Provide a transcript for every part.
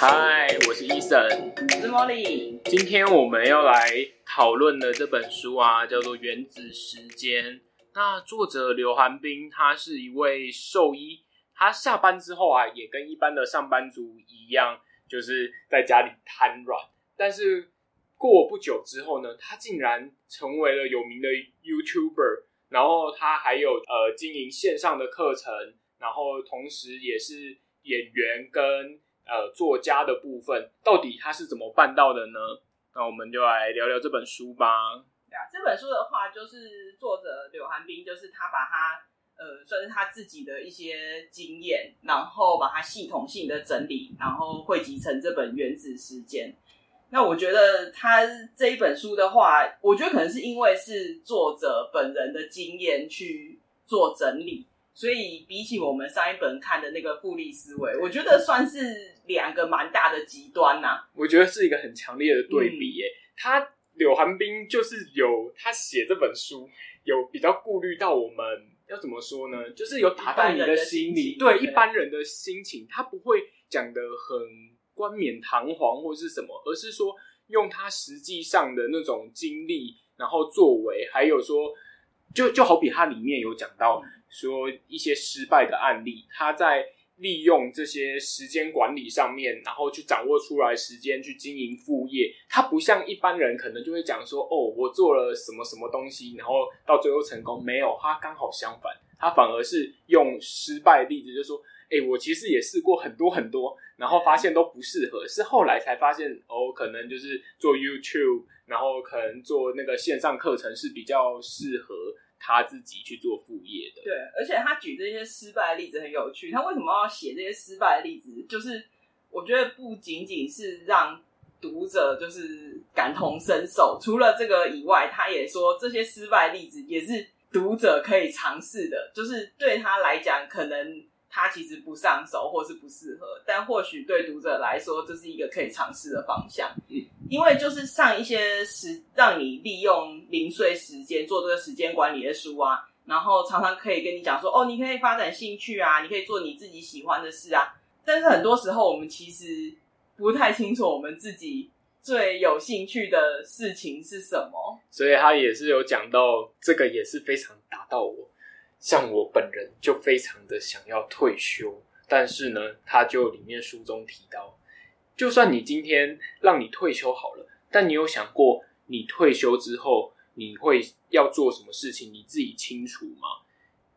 嗨，Hi, 我是 Ethan。Good morning。今天我們要來討論的這本書啊，叫做《原子時間》。那作者劉寒冰，他是一位獸醫。他下班之後啊，也跟一般的上班族一樣，就是在家裡癱軟。但是過不久之後呢，他竟然成為了有名的 YouTuber。然後他還有呃經營線上的課程，然後同時也是演員跟呃，作家的部分到底他是怎麼辦到的呢？那我們就來聊聊這本書吧。這本書的話，就是作者柳寒冰，就是他把他呃，算是他自己的一些經驗，然後把它系統性的整理，然後匯集成這本《原子時間》。那我覺得他這一本書的話，我覺得可能是因為是作者本人的經驗去做整理。所以比起我們上一本看的那個複利思維，嗯、我覺得算是兩個蠻大的極端吶、啊。我覺得是一個很強烈的對比耶。嗯、他柳韓彬就是有他寫這本書，有比較顧慮到我們要怎麼說呢？就是有打敗你的心理，一般人的心情對，對一般人的心情，他不會講得很冠冕堂皇或是什麼，而是說用他實際上的那種經歷，然後作為，還有說，就就好比他裡面有講到。嗯說一些失敗的案例，他在利用這些時間管理上面，然後去掌握出來時間去經營副業。他不像一般人可能就會講說，哦，我做了什麼什麼東西，然後到最後成功沒有？他剛好相反，他反而是用失敗的例子，就說，哎，我其實也試過很多很多，然後發現都不適合，是後來才發現，哦，可能就是做 YouTube，然後可能做那個線上課程是比較適合。他自己去做副業的，對，而且他舉這些失敗的例子很有趣。他為什麼要寫這些失敗的例子？就是我覺得不僅僅是讓讀者就是感同身受，除了這個以外，他也說這些失敗的例子也是讀者可以嘗試的，就是對他來講可能。他其實不上手，或是不適合，但或許對讀者來說，這是一個可以嘗試的方向。嗯。因為就是上一些時，讓你利用零碎時間做這個時間管理的書啊，然後常常可以跟你講說，哦，你可以發展興趣啊，你可以做你自己喜歡的事啊。但是很多時候，我們其實不太清楚我們自己最有興趣的事情是什麼。所以他也是有講到，這個也是非常打到我。像我本人就非常的想要退休，但是呢，他就裡面書中提到，就算你今天讓你退休好了，但你有想過你退休之後你會要做什麼事情？你自己清楚嗎？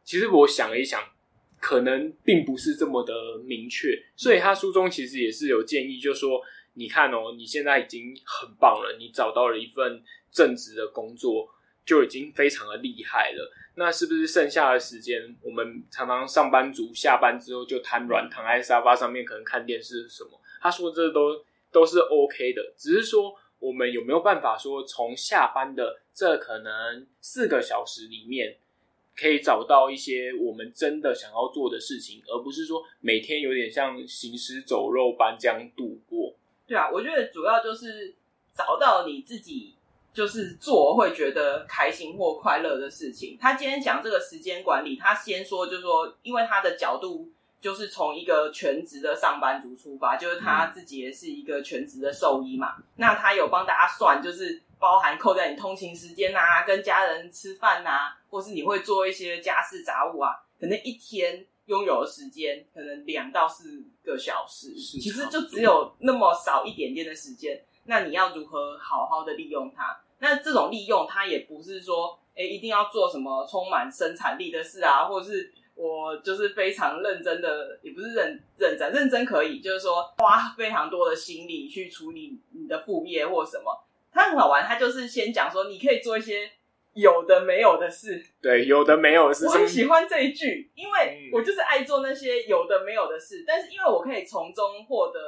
其實我想一想，可能並不是這麼的明確。所以他書中其實也是有建議就，就說你看哦，你現在已經很棒了，你找到了一份正職的工作。就已經非常的厲害了。那是不是剩下的時間，我們常常上班族下班之後就癱軟躺在沙發上面，可能看電視什麼？他說這都都是 OK 的，只是說我們有沒有辦法說，從下班的這可能四個小時裡面，可以找到一些我們真的想要做的事情，而不是說每天有點像行屍走肉般這樣度過。對啊，我覺得主要就是找到你自己。就是做會覺得開心或快樂的事情。他今天講這個時間管理，他先說就是說，因為他的角度就是從一個全職的上班族出發，就是他自己也是一個全職的獸醫嘛。嗯、那他有幫大家算，就是包含扣在你通勤時間啊、跟家人吃飯啊，或是你會做一些家事雜物啊，可能一天擁有的時間可能兩到四個小時，小時其實就只有那麼少一點點的時間。那你要如何好好的利用它？那這種利用，它也不是說，哎、欸，一定要做什麼充滿生產力的事啊，或者是我就是非常認真的，也不是認認真認真可以，就是說花非常多的心力去處理你的副業或什麼。它很好玩，它就是先講說，你可以做一些有的沒有的事。對，有的沒有的事，我很喜歡這一句，因為我就是愛做那些有的沒有的事，但是因為我可以從中獲得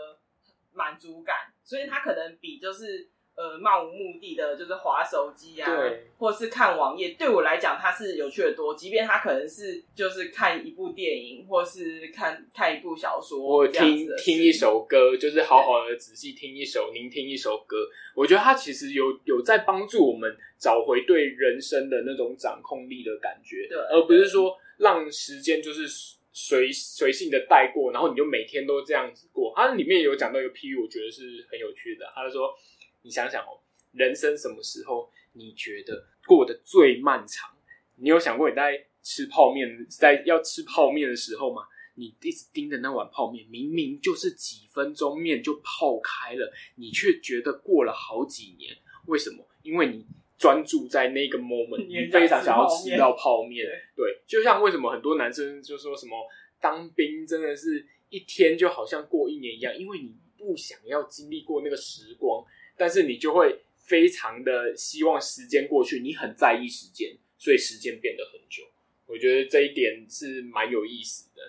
滿足感。所以他可能比就是呃漫無目的的，就是滑手機啊，對或是看網頁，對我來講他是有趣的多。即便他可能是就是看一部電影，或是看看一部小說，我聽聽一首歌，就是好好的仔細聽一首，聆對聽一首歌。我覺得他其實有有在幫助我們找回對人生的那種掌控力的感覺，對，而不是說讓時間就是。隨隨性的帶過，然後你就每天都這樣子過。它裡面有講到一個譬喻，我覺得是很有趣的。他就說：“你想想哦，人生什麼時候你覺得過得最漫長？你有想過你在吃泡麵，在要吃泡麵的時候嗎？你一直盯着那碗泡麵，明明就是幾分鐘麵就泡開了，你卻覺得過了好幾年。為什麼？因為你。”專注在那個 moment，你非常想要吃到泡麵。對，就像為什麼很多男生就說什麼當兵真的是一天就好像過一年一樣，因為你不想要經歷過那個時光，但是你就會非常的希望時間過去，你很在意時間，所以時間變得很久。我覺得這一點是蠻有意思的。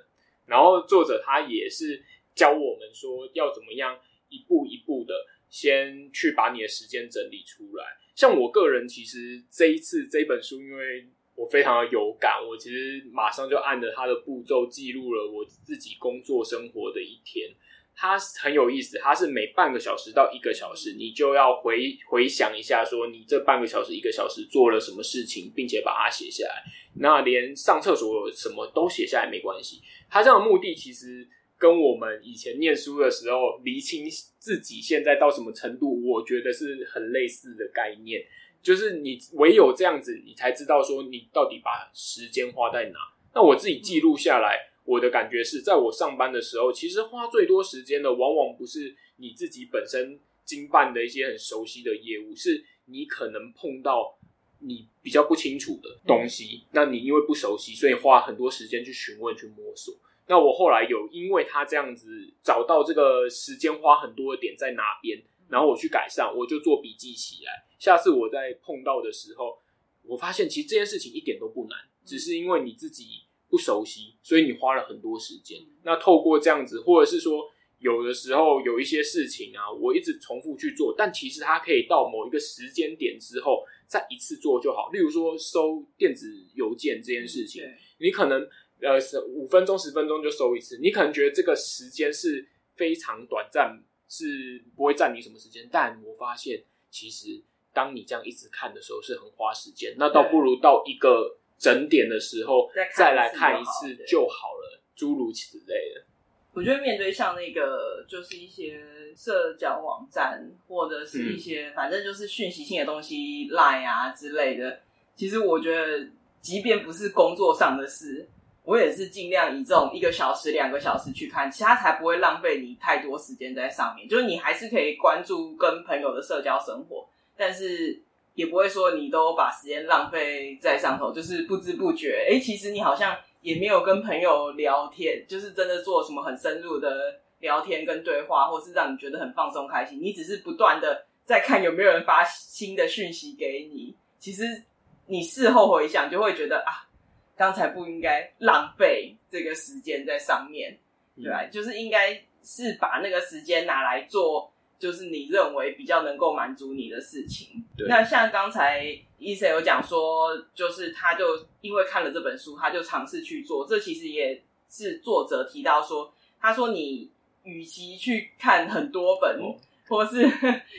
然後作者他也是教我們說要怎麼樣一步一步的。先去把你的時間整理出來。像我個人，其實，這一次這一本書，因為我非常的有感，我其實馬上就按着它的步驟記錄了我自己工作生活的一天。它很有意思，它是每半個小時到一個小時，你就要回回想一下，說你這半個小時一個小時做了什麼事情，並且把它寫下來。那連上廁所有什麼都寫下來沒關係。它這樣的目的其實。跟我們以前念書的時候，釐清自己現在到什麼程度，我覺得是很類似的概念。就是你唯有這樣子，你才知道說你到底把時間花在哪。那我自己記錄下來，我的感覺是在我上班的時候，其實花最多時間的，往往不是你自己本身經辦的一些很熟悉的業務，是你可能碰到你比較不清楚的東西，嗯。那你因為不熟悉，所以花很多時間去詢問、去摸索。那我後來有，因為他這樣子找到這個時間花很多的點在哪邊，然後我去改善，我就做筆記起來。下次我再碰到的時候，我發現其實這件事情一點都不難，只是因為你自己不熟悉，所以你花了很多時間。那透過這樣子，或者是說有的時候有一些事情啊，我一直重複去做，但其實它可以到某一個時間點之後，再一次做就好。例如說收電子郵件這件事情，你可能。呃，是五分鐘、十分鐘就收一次。你可能覺得這個時間是非常短暫，是不會佔你什麼時間。但我發現，其實當你這樣一直看的時候，是很花時間。那倒不如到一個整點的時候對再來看一次就好了，諸對如此類的。我覺得面對像那個，就是一些社交網站，或者是一些、嗯、反正就是訊息性的東西，line 啊之類的。其實我覺得，即便不是工作上的事。嗯我也是盡量以這種一個小時、兩個小時去看，其他才不會浪費你太多時間在上面。就是你還是可以關注跟朋友的社交生活，但是也不會說你都把時間浪費在上頭。就是不知不覺，誒、欸，其實你好像也沒有跟朋友聊天，就是真的做什麼很深入的聊天跟對話，或是讓你覺得很放鬆、開心。你只是不斷的在看有沒有人發新的訊息給你。其實你事後回想，就會覺得啊。剛才不應該浪費這個時間在上面，對、嗯、就是應該是把那個時間拿來做，就是你認為比較能夠滿足你的事情。對那像剛才 Ethan 有講說，就是他就因為看了這本書，他就嘗試去做。這其實也是作者提到說，他說你與其去看很多本。哦或是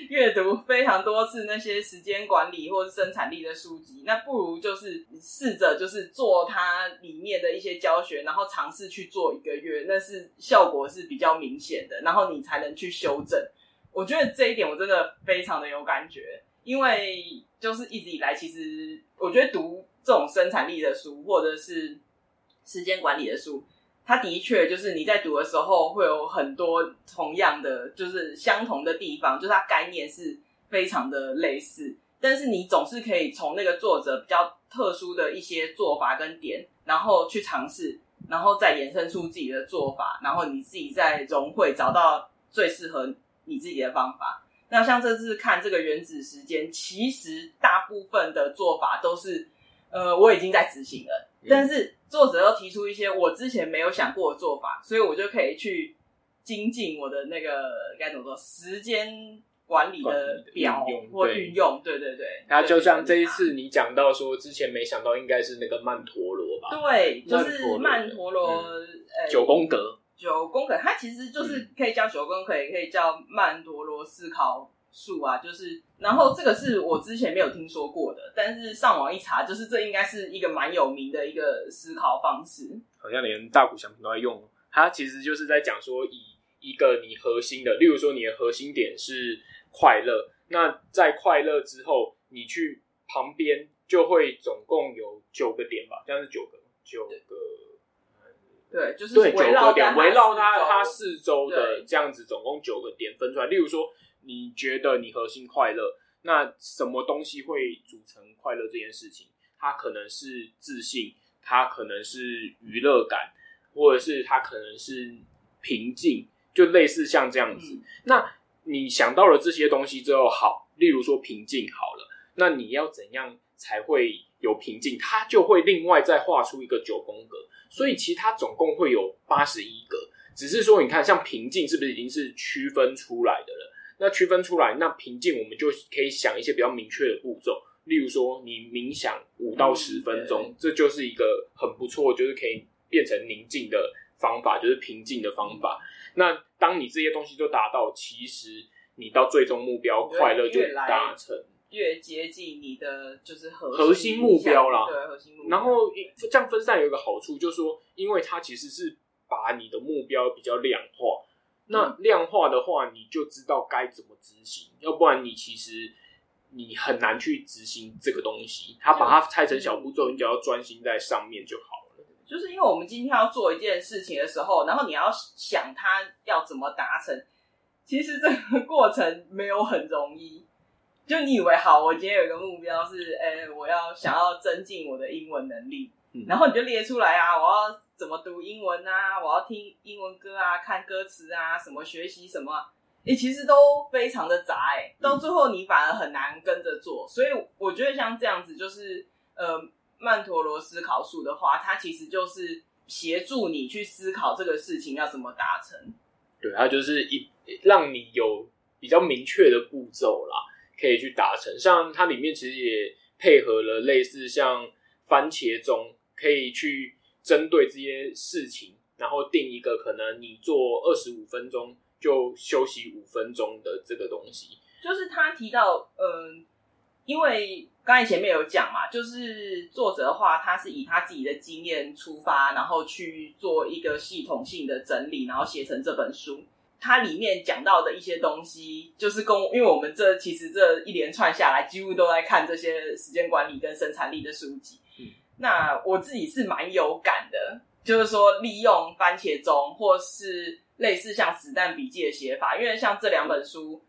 閱讀非常多次那些時間管理或是生產力的書籍，那不如就是試着就是做它裡面的一些教學，然後嘗試去做一個月，那是效果是比較明顯的，然後你才能去修正。我覺得這一點我真的非常的有感覺，因為就是一直以來，其實我覺得讀這種生產力的書或者是時間管理的書。他的確，就是你在讀的時候會有很多同樣的，就是相同的地方，就是它概念是非常的類似。但是你總是可以從那個作者比較特殊的一些做法跟點，然後去嘗試，然後再延伸出自己的做法，然後你自己再融會，找到最適合你自己的方法。那像這次看這個原子時間，其實大部分的做法都是，呃，我已經在執行了，但是。嗯作者要提出一些我之前沒有想過的做法，所以我就可以去精進我的那個，該怎麼說，時間管理的表或運用。對對、嗯、對。那對對就像這一次你講到說，之前沒想到應該是那個曼陀羅吧？對，就是曼陀羅、嗯欸，九宮格，九宮格，它其實就是可以叫九宮格，也可以叫曼陀羅思考。數啊，就是，然後這個是我之前沒有聽說過的，嗯、但是上網一查，就是這應該是一個蠻有名的一個思考方式，好像連大谷翔平都在用。它其實就是在講說以，以一個你核心的，例如說你的核心點是快樂，那在快樂之後，你去旁邊就會總共有九個點吧，這樣是九個，九個，對，個對，就是對九圍繞它，它四周的對這樣子，總共九個點分出來，例如說。你覺得你核心快樂，那什麼東西會組成快樂這件事情？它可能是自信，它可能是娛樂感，或者是它可能是平靜，就類似像這樣子。嗯、那你想到了這些東西之後，好，例如說平靜好了，那你要怎樣才會有平靜？它就會另外再畫出一個九宮格，所以其他總共會有八十一格。只是說，你看像平靜是不是已經是區分出來的了？那區分出來，那平靜我們就可以想一些比較明確的步驟，例如說你冥想五到十分鐘，嗯、這就是一個很不錯，就是可以變成寧靜的方法，就是平靜的方法。嗯、那當你這些東西都達到，其實你到最終目標快樂就達成，越，越接近你的就是核心、核心目標啦。對，核心目標。然後這樣分散有一個好處，就是說，因為它其實是把你的目標比較量化。那量化的話，你就知道該怎麼執行，要不然你其實你很難去執行這個東西。他把它拆成小步驟，你只要專心在上面就好了。就是因為我們今天要做一件事情的時候，然後你要想它要怎麼達成，其實這個過程沒有很容易。就你以為好，我今天有個目標是，欸，我要想要增進我的英文能力，然後你就列出來啊，我要。怎麼讀英文啊？我要聽英文歌啊，看歌詞啊，什麼學習什麼，你、欸、其實都非常的雜哎、欸，到最後你反而很難跟着做。嗯、所以我覺得像這樣子，就是呃，曼陀羅思考術的話，它其實就是協助你去思考這個事情要怎麼達成。對，它就是一讓你有比較明確的步驟啦，可以去達成。像它裡面其實也配合了類似像番茄鐘，可以去。針對這些事情，然後定一個可能你做二十五分鐘就休息五分鐘的這個東西。就是他提到，嗯，因為剛才前面有講嘛，就是作者的話，他是以他自己的經驗出發，然後去做一個系統性的整理，然後寫成這本書。他裡面講到的一些東西，就是跟因為我們這其實這一連串下來，幾乎都在看這些時間管理跟生產力的書籍。那我自己是蠻有感的，就是說利用番茄鐘或是類似像《子彈筆記》的寫法，因為像這兩本書，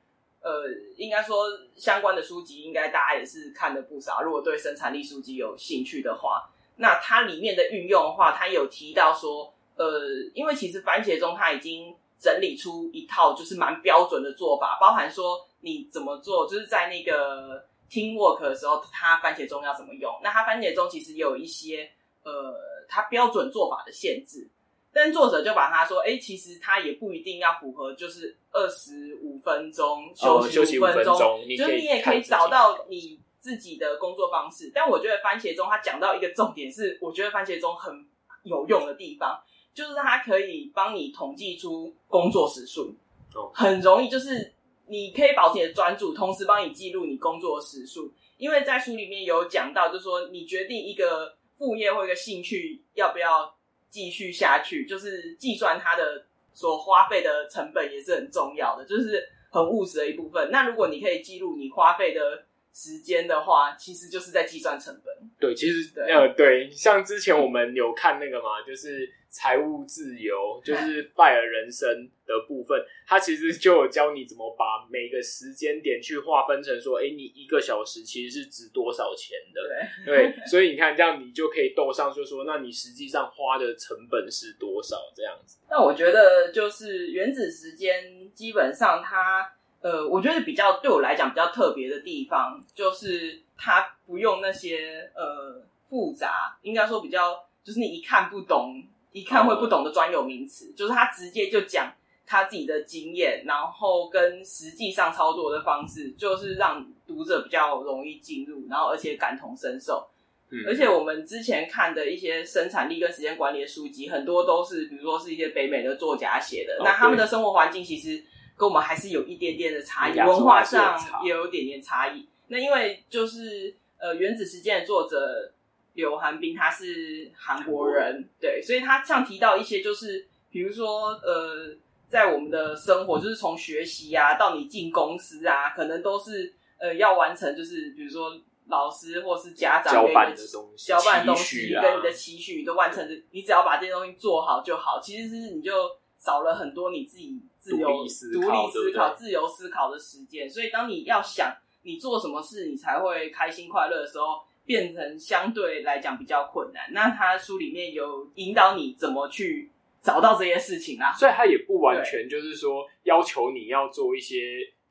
呃，應該說相關的書籍，應該大家也是看了不少。如果對生產力書籍有興趣的話，那它裡面的運用的話，它有提到說，呃，因為其實番茄鐘它已經整理出一套就是蠻標準的做法，包含說你怎麼做，就是在那個。teamwork 的時候，他番茄鐘要怎麼用？那他番茄鐘其實也有一些呃，它標準做法的限制，但作者就把它說，誒、欸，其實它也不一定要符合，就是二十五分鐘、哦、休息五分鐘，就是你也可以找到你自己的工作方式。但我覺得番茄鐘它講到一個重點是，我覺得番茄鐘很有用的地方，就是它可以幫你統計出工作時數，哦、很容易就是。你可以保持你的專注，同時幫你記錄你工作的時數。因為在書裡面有講到，就是說你決定一個副業或一個興趣要不要繼續下去，就是計算它的所花費的成本也是很重要的，就是很務實的一部分。那如果你可以記錄你花費的時間的話，其實就是在計算成本。對，其實對呃，對，像之前我們有看那個嘛，就是。財務自由就是 FIRE 人生的部分，它 其實就有教你怎麼把每個時間點去劃分成說，哎、欸，你一個小時其實是值多少錢的，對，對，所以你看這樣你就可以斗上就說，就說那你實際上花的成本是多少這樣子。那我覺得就是原子時間，基本上它呃，我覺得比較對我來講比較特別的地方，就是它不用那些呃複雜，應該說比較就是你一看不懂。一看會不懂的專有名詞，Oh. 就是他直接就講他自己的經驗，然後跟實際上操作的方式，就是讓讀者比較容易進入，然後而且感同身受。嗯，而且我們之前看的一些生產力跟時間管理的書籍，很多都是比如說是一些北美的作家寫的，Okay. 那他們的生活環境其實跟我們還是有一點點的差異，文化上也有點點差異。那因為就是呃，原子時間的作者。柳韓斌他是韓國人，哦、對，所以他像提到一些，就是比如說，呃，在我們的生活，就是從學習啊，到你進公司啊，可能都是呃要完成，就是比如說老師或是家長給你的東西、交辦交辦的東西，啊、跟你的期許都完成對你只要把這些東西做好就好。其實是你就少了很多你自己自由、獨立思考、自由思考的時間，所以當你要想你做什麼事，你才會開心快樂的時候。變成相對來講比較困難。那他書裡面有引導你怎麼去找到這些事情啊？所以，他也不完全就是說要求你要做一些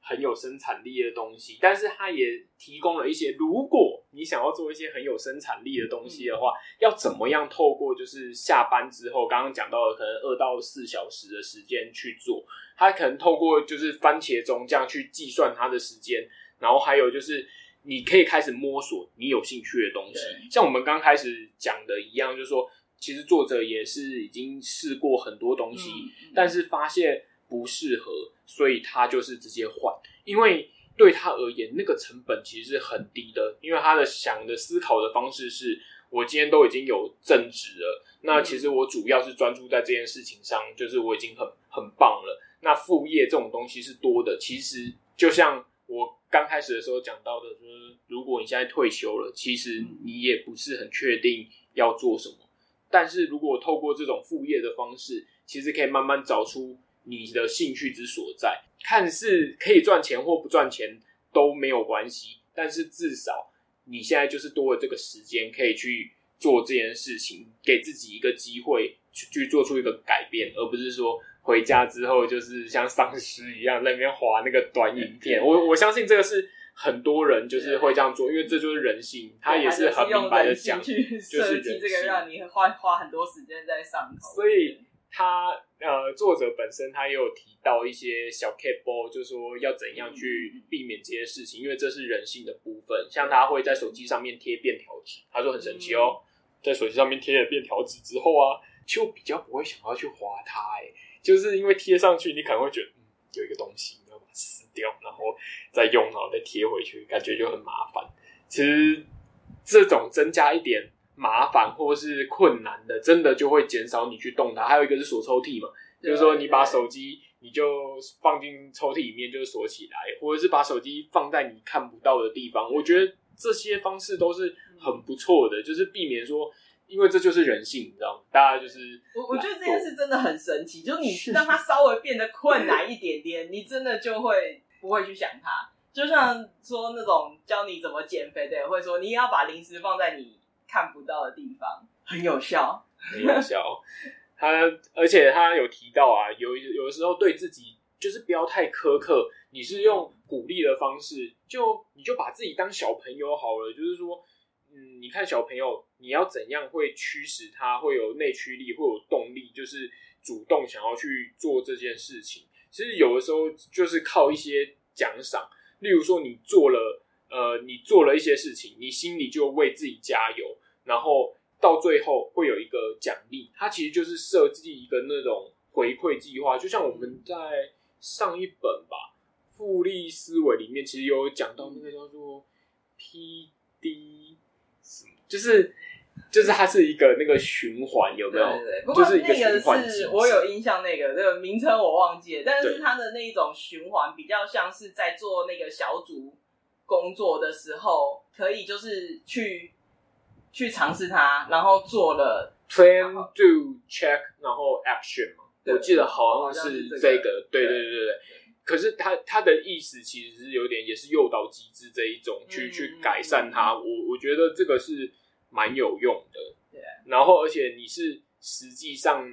很有生產力的東西，對但是他也提供了一些，如果你想要做一些很有生產力的東西的話，嗯、要怎麼樣透過就是下班之後剛剛講到的可能二到四小時的時間去做，他可能透過就是番茄鐘這樣去計算他的時間，然後還有就是。你可以開始摸索你有興趣的東西，對像我們剛開始講的一樣，就是說，其實作者也是已經試過很多東西，嗯、但是發現不適合，所以他就是直接換，因為對他而言，那個成本其實是很低的，因為他的想的思考的方式是，我今天都已經有正值了，那其實我主要是專注在這件事情上，就是我已經很很棒了，那副業這種東西是多的，其實就像。我剛開始的時候講到的，就是如果你現在退休了，其實你也不是很確定要做什麼。但是如果透過這種副業的方式，其實可以慢慢找出你的興趣之所在。看似可以賺錢或不賺錢都沒有關係，但是至少你現在就是多了這個時間，可以去做這件事情，給自己一個機會去去做出一個改變，而不是說。回家之後就是像喪屍一樣在那邊滑那個短影片，嗯、我我相信這個是很多人就是會這樣做，嗯、因為這就是人性。嗯、他也是很明白的講，就是，人性是人性這個讓你花花很多時間在上頭。所以他呃，作者本身他也有提到一些小 tip 就是說要怎樣去避免這些事情，嗯、因為這是人性的部分。像他會在手機上面貼便條紙，他說很神奇哦、喔，嗯、在手機上面貼了便條紙之後啊，就比較不會想要去滑它誒就是因為貼上去，你可能會覺得，嗯，有一個東西，你要把它撕掉，然後再用，然後再貼回去，感覺就很麻煩。其實這種增加一點麻煩或是困難的，真的就會減少你去動它。還有一個是鎖抽屜嘛，就是說你把手機你就放進抽屜裡面就鎖起來，或者是把手機放在你看不到的地方。我覺得這些方式都是很不錯的，就是避免說。因為這就是人性，你知道嗎？大家就是我，我覺得這件事真的很神奇。嗯、就你讓它稍微變得困難一點點，是你真的就會不會去想它。就像說那種教你怎麼減肥，對，或者說你要把零食放在你看不到的地方，很有效，很有效。 他而且他有提到啊，有有的時候對自己就是不要太苛刻，你是用鼓勵的方式，嗯、就你就把自己當小朋友好了。就是說，嗯，你看小朋友。你要怎樣會驅使他會有內驅力，會有動力，就是主動想要去做這件事情。其實有的時候就是靠一些獎賞，例如說你做了，呃，你做了一些事情，你心裡就為自己加油，然後到最後會有一個獎勵。它其實就是設計一個那種回饋計劃，就像我們在上一本吧《複利思維》裡面，其實有講到那個叫做 PD。是就是就是它是一個那個循環，有沒有？就是那個是，是我有印象，那個那、這個名稱我忘記了，對但是它的那一種循環比較像是在做那個小組工作的時候，可以就是去去嘗試它，然後做了 plan Trend 後 do check，然後 action，對我記得好像是這個，這個、對對對對對。可是他他的意思其實是有點也是誘導機制這一種，嗯、去去改善它，嗯、我我覺得這個是蠻有用的。對啊，然後而且你是實際上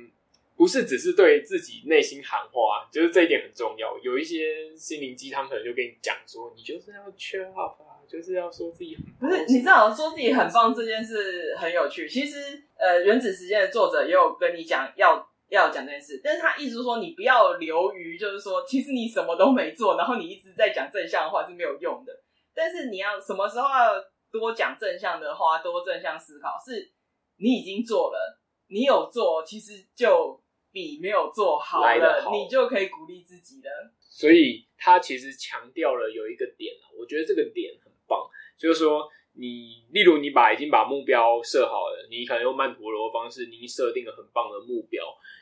不是只是對自己內心喊話，啊，就是這一點很重要。有一些心靈雞湯可能就跟你講說，你就是要 cheer up，好吧，啊，就是要說自己很棒。不是，是你知道，說自己很棒這件事很有趣。其實呃，原子時間的作者也有跟你講要。要講這件事，但是他意思是說，你不要留於就是說，其實你什麼都沒做，然後你一直在講正向的話是沒有用的。但是你要什麼時候要多講正向的話，多正向思考，是你已經做了，你有做，其實就比沒有做好了，好你就可以鼓勵自己了。所以他其實強調了有一個點，我覺得這個點很棒，就是說。你例如，你把已經把目標設好了，你可能用曼陀羅的方式，你設定了很棒的目標。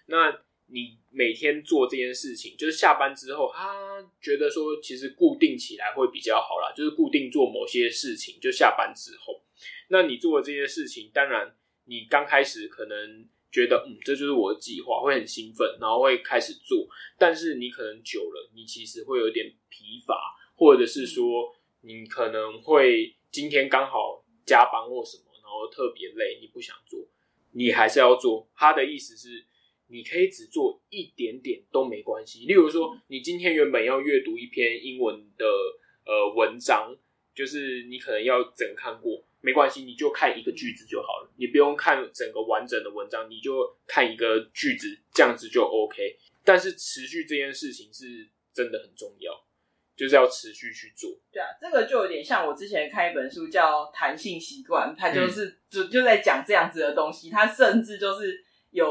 那你每天做這件事情，就是下班之後，他、啊、覺得說，其實固定起來會比較好啦，就是固定做某些事情，就下班之後。那你做的這些事情，當然你剛開始可能覺得，嗯，這就是我的計劃，會很興奮，然後會開始做。但是你可能久了，你其實會有點疲乏，或者是說，你可能會。今天剛好加班或什麼，然後特別累，你不想做，你還是要做。他的意思是，你可以只做一點點都沒關係。例如說，你今天原本要閱讀一篇英文的呃文章，就是你可能要整看過，沒關係，你就看一個句子就好了，你不用看整個完整的文章，你就看一個句子，這樣子就 OK。但是持續這件事情是真的很重要。就是要持續去做。對啊，這個就有點像我之前看一本書叫《彈性習慣》，它就是、嗯、就就在講這樣子的東西。它甚至就是有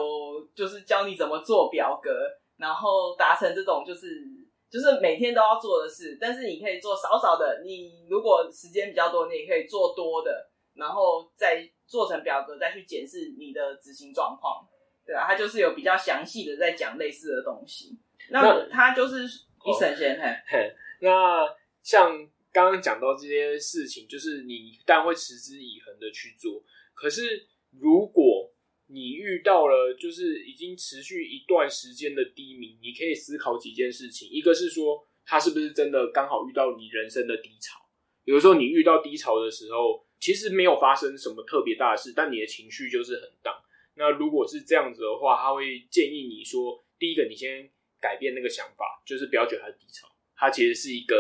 就是教你怎麼做表格，然後達成這種就是就是每天都要做的事。但是你可以做少少的，你如果時間比較多，你也可以做多的，然後再做成表格，再去檢視你的執行狀況。對啊，他就是有比較詳細的在講類似的東西。那他那就是一省先嘿。嘿那像剛剛講到這些事情，就是你當然會持之以恆的去做。可是如果你遇到了，就是已經持續一段時間的低迷，你可以思考幾件事情。一個是說，他是不是真的剛好遇到你人生的低潮？有的時候你遇到低潮的時候，其實沒有發生什麼特別大的事，但你的情緒就是很盪。那如果是這樣子的話，他會建議你說，第一個，你先改變那個想法，就是不要覺得他低潮。它其實是一個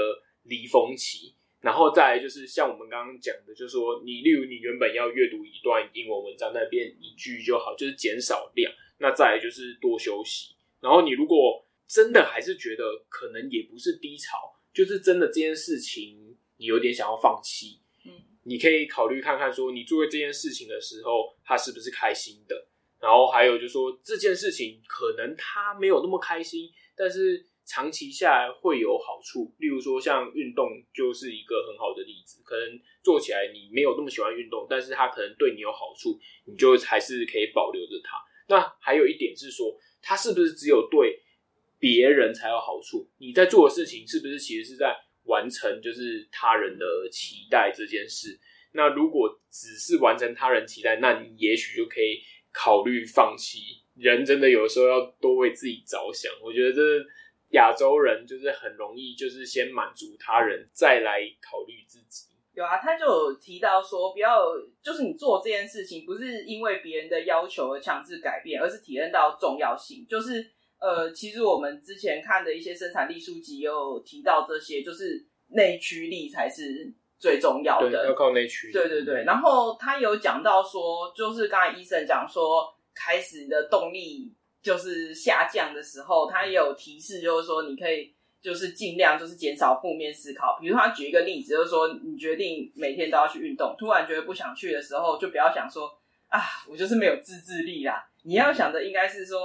離峰期，然後再來就是像我們剛剛講的，就是說你例如你原本要閱讀一段英文文章，那變一句就好，就是減少量。那再來就是多休息。然後你如果真的還是覺得可能也不是低潮，就是真的這件事情你有點想要放棄，嗯，你可以考慮看看說你做這件事情的時候，他是不是開心的。然後還有就是說這件事情可能他沒有那麼開心，但是。長期下來會有好處，例如說像運動就是一個很好的例子。可能做起來你沒有那麼喜歡運動，但是它可能對你有好處，你就還是可以保留着它。那還有一點是說，它是不是只有對別人才有好處？你在做的事情是不是其實是在完成就是他人的期待這件事？那如果只是完成他人期待，那你也許就可以考慮放棄。人真的有的時候要多為自己着想。我覺得這。亞洲人就是很容易，就是先滿足他人，再來考慮自己。有啊，他就有提到說，不要就是你做這件事情，不是因為別人的要求而強制改變，而是體驗到重要性。就是呃，其實我們之前看的一些生產力書籍，有提到這些，就是內驅力才是最重要的，對，要靠內驅力。對對對。然後他有講到說，就是剛才醫生講說，開始的動力。就是下降的時候，他也有提示，就是說你可以就是盡量就是減少負面思考。比如他舉一個例子，就是說你決定每天都要去運動，突然覺得不想去的時候，就不要想說啊，我就是沒有自制力啦。你要想的應該是說，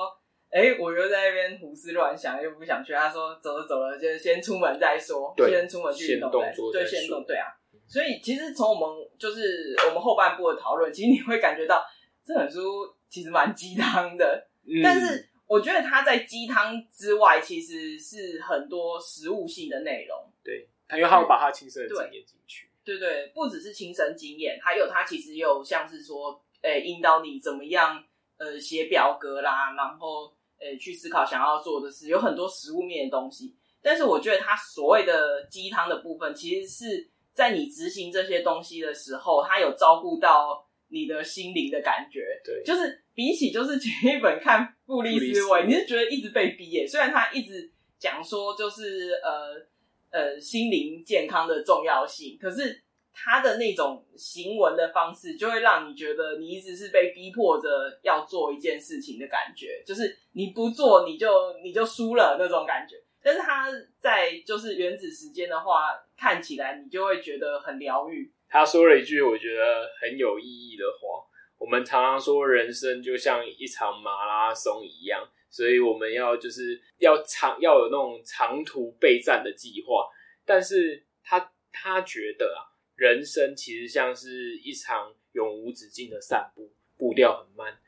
哎、欸，我又在那邊胡思亂想，又不想去。他說走了走了，就先出門再說，對先出門去運動，就先，先動。對啊，所以其實從我們就是我們後半部的討論，其實你會感覺到這本書其實蠻雞湯的。嗯、但是我覺得他在雞湯之外，其實是很多實務性的內容。對，因為他會把他親身的經驗進去。對對，對對，不只是親身經驗，還有他其實也有像是說，誒、欸，引導你怎麼樣，呃，寫表格啦，然後，誒、欸，去思考想要做的事，有很多實務面的東西。但是我覺得他所謂的雞湯的部分，其實是在你執行這些東西的時候，他有照顧到你的心靈的感覺。對，就是。比起就是前一本看複利思維，思你是覺得一直被逼耶？雖然他一直講說就是呃呃心靈健康的重要性，可是他的那種行文的方式，就會讓你覺得你一直是被逼迫着要做一件事情的感覺，就是你不做你就你就輸了那種感覺。但是他在就是原子時間的話，看起來你就會覺得很療癒。他說了一句我覺得很有意義的話。我們常常說，人生就像一場馬拉松一樣，所以我們要就是要長要有那種長途備戰的計劃。但是他他覺得啊，人生其實像是一場永無止境的散步，步調很慢，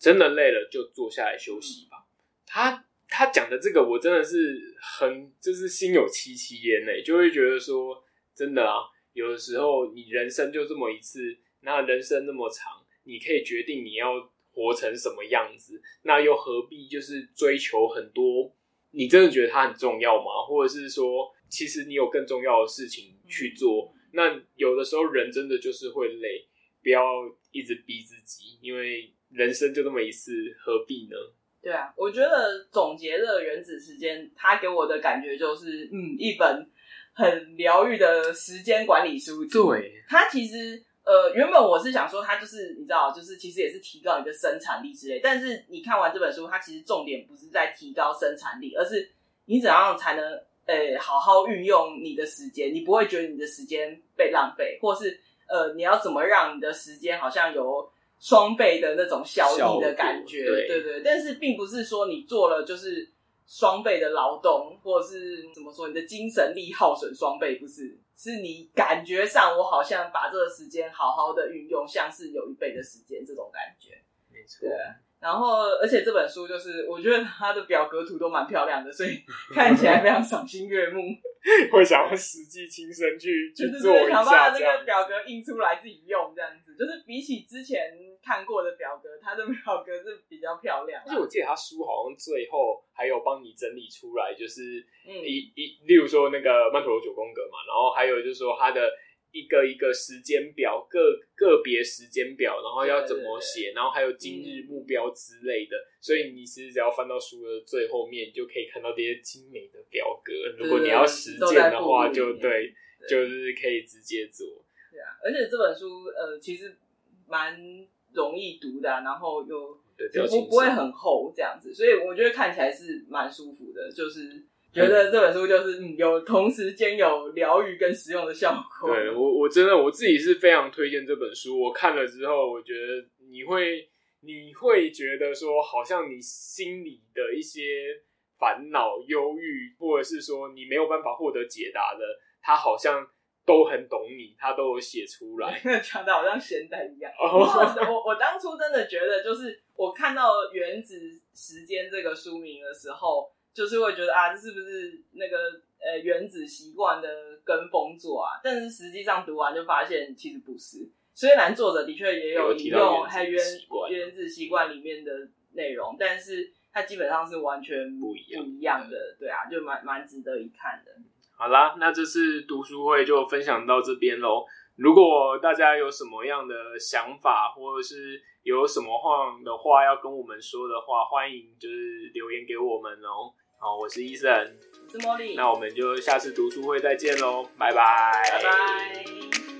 真的累了就坐下來休息吧。他他講的這個，我真的是很就是心有戚戚焉欸，就會覺得說，真的啊，有的時候你人生就這麼一次，那人生那麼長。你可以決定你要活成什麼樣子，那又何必就是追求很多？你真的覺得它很重要嗎？或者是說，其實你有更重要的事情去做？嗯、那有的時候人真的就是會累，不要一直逼自己，因為人生就那麼一次，何必呢？對啊，我覺得總結了原子時間，它給我的感覺就是，嗯，一本很療癒的時間管理書。對，它其實。呃，原本我是想說，它就是你知道，就是其實也是提高你的生產力之類。但是你看完這本書，它其實重點不是在提高生產力，而是你怎樣才能呃、欸、好好運用你的時間，你不會覺得你的時間被浪費，或是呃你要怎麼讓你的時間好像有雙倍的那種效益的感覺，對對，對對。但是並不是說你做了就是雙倍的勞動，或者是怎麼說你的精神力耗損雙倍，不是。是你感覺上，我好像把這個時間好好的運用，像是有一倍的時間這種感覺，沒錯。對。然後，而且這本書就是，我覺得它的表格圖都蠻漂亮的，所以看起來非常賞心悅目，會 想要實際親身去去、就是、做一下。把這個表格印出來、嗯、自己用，這樣子，就是比起之前看過的表格，它的表格是比較漂亮。而且我記得他書好像最後還有幫你整理出來，就是一一、嗯，例如說那個曼陀羅九宮格嘛，然後還有就是說他的。一個一個時間表，個個別時間表，然後要怎麼寫，對對對然後還有今日目標之類的，嗯、所以你其實只要翻到書的最後面，就可以看到這些精美的表格。對對對如果你要實踐的話就，對對對就對，對對對就是可以直接做。對啊，而且這本書呃其實蠻容易讀的、啊，然後又不不會很厚這樣子，所以我覺得看起來是蠻舒服的，就是。嗯、覺得這本書就是有同時兼有療癒跟實用的效果。對，我我真的我自己是非常推薦這本書。我看了之後，我覺得你會你會覺得說，好像你心裡的一些煩惱、憂鬱，或者是說你沒有辦法獲得解答的，他好像都很懂你，他都有寫出來，講的 好像仙丹一樣。我我、oh. 我當初真的覺得，就是我看到原子時間這個書名的時候。就是會覺得啊，這是不是那個呃、欸、原子習慣的跟風作啊？但是實際上讀完就發現其實不是，雖然作者的確也有引用還原《原子習慣》裡面的內容，但是它基本上是完全不一樣、不一樣的。對啊，就蠻蠻值得一看的。好啦，那這次讀書會就分享到這邊嘍。如果大家有什麼樣的想法，或者是有什麼話的話要跟我們說的話，歡迎就是留言給我們哦。好，我是 Ethan，我是茉莉，那我們就下次讀書會再見嘍，拜拜，拜拜。拜拜